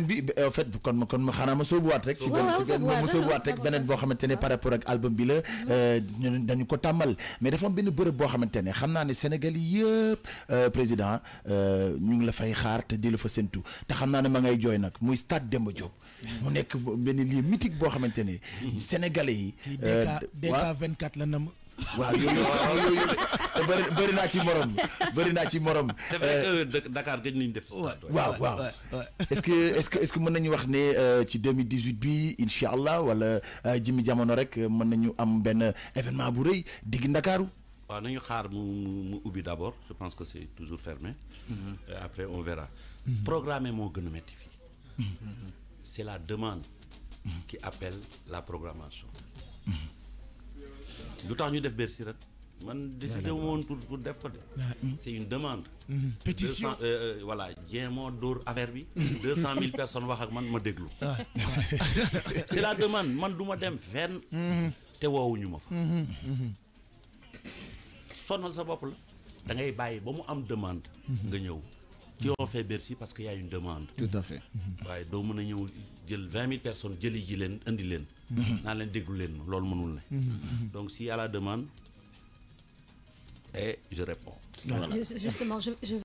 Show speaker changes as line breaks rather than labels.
beneen bi en fait kon kon ma xanaa ma sóobuwaat rek. ci ma sóobuwaat rek beneen boo xamante ne par rapport ak album bi la. Mhm. Euh, dañu ko tàmmal mais dafa benn bërëb boo xamante ne xam naa ne Sénégal yëpp euh, président euh, ñu ngi la fay xaar te di la fa séntu te xam naa ne ma ngay jooy nag muy stade Demba Diop. mu nekk benn lieu mythique boo xamante ne. Mhm. Sénégalais yi. DK 24 la nam waaw yooyu yooyu bëri bëri naa ci morom bëri naa ci morom. c'est vrai que euh, Dakar gëj def. waaw waaw est-ce que est-ce que est-ce que mën nañu wax ne euh, ci 2018 bi incha allah wala euh, jimi jamono rek mën nañu am benn événement bu rëy digg Ndakaaru.
waaw nañu xaar mu mu ubbi d'abord je pense que c'est toujours fermé. Mhm. après on verra. Mhm. Programme moo gën a métti fii. Mhm. c'est la demande. qui appelle la programmation lu ñu def Bercy ren. man décidé woon pour pour def ko de. Ah, hmm. c' une demande. Hmm, pétition euh, euh, voilà jéem moo dóor affaire bi. Hmm. deux cent personnes wax ak man ma déglu. c'est la demande man duma dem fenn. té woowuñu ma fa. sonal sa bop la. da ngay bàyyi ba mu am demande. nga ñëw. ci on fait Bercy parce que y a une demande. tout à fait. waaye doo mën a 20 000 personnes, je les gilets, indi les. Mhm. Mhm, mhm. Donc s'il y a la demande, je réponds.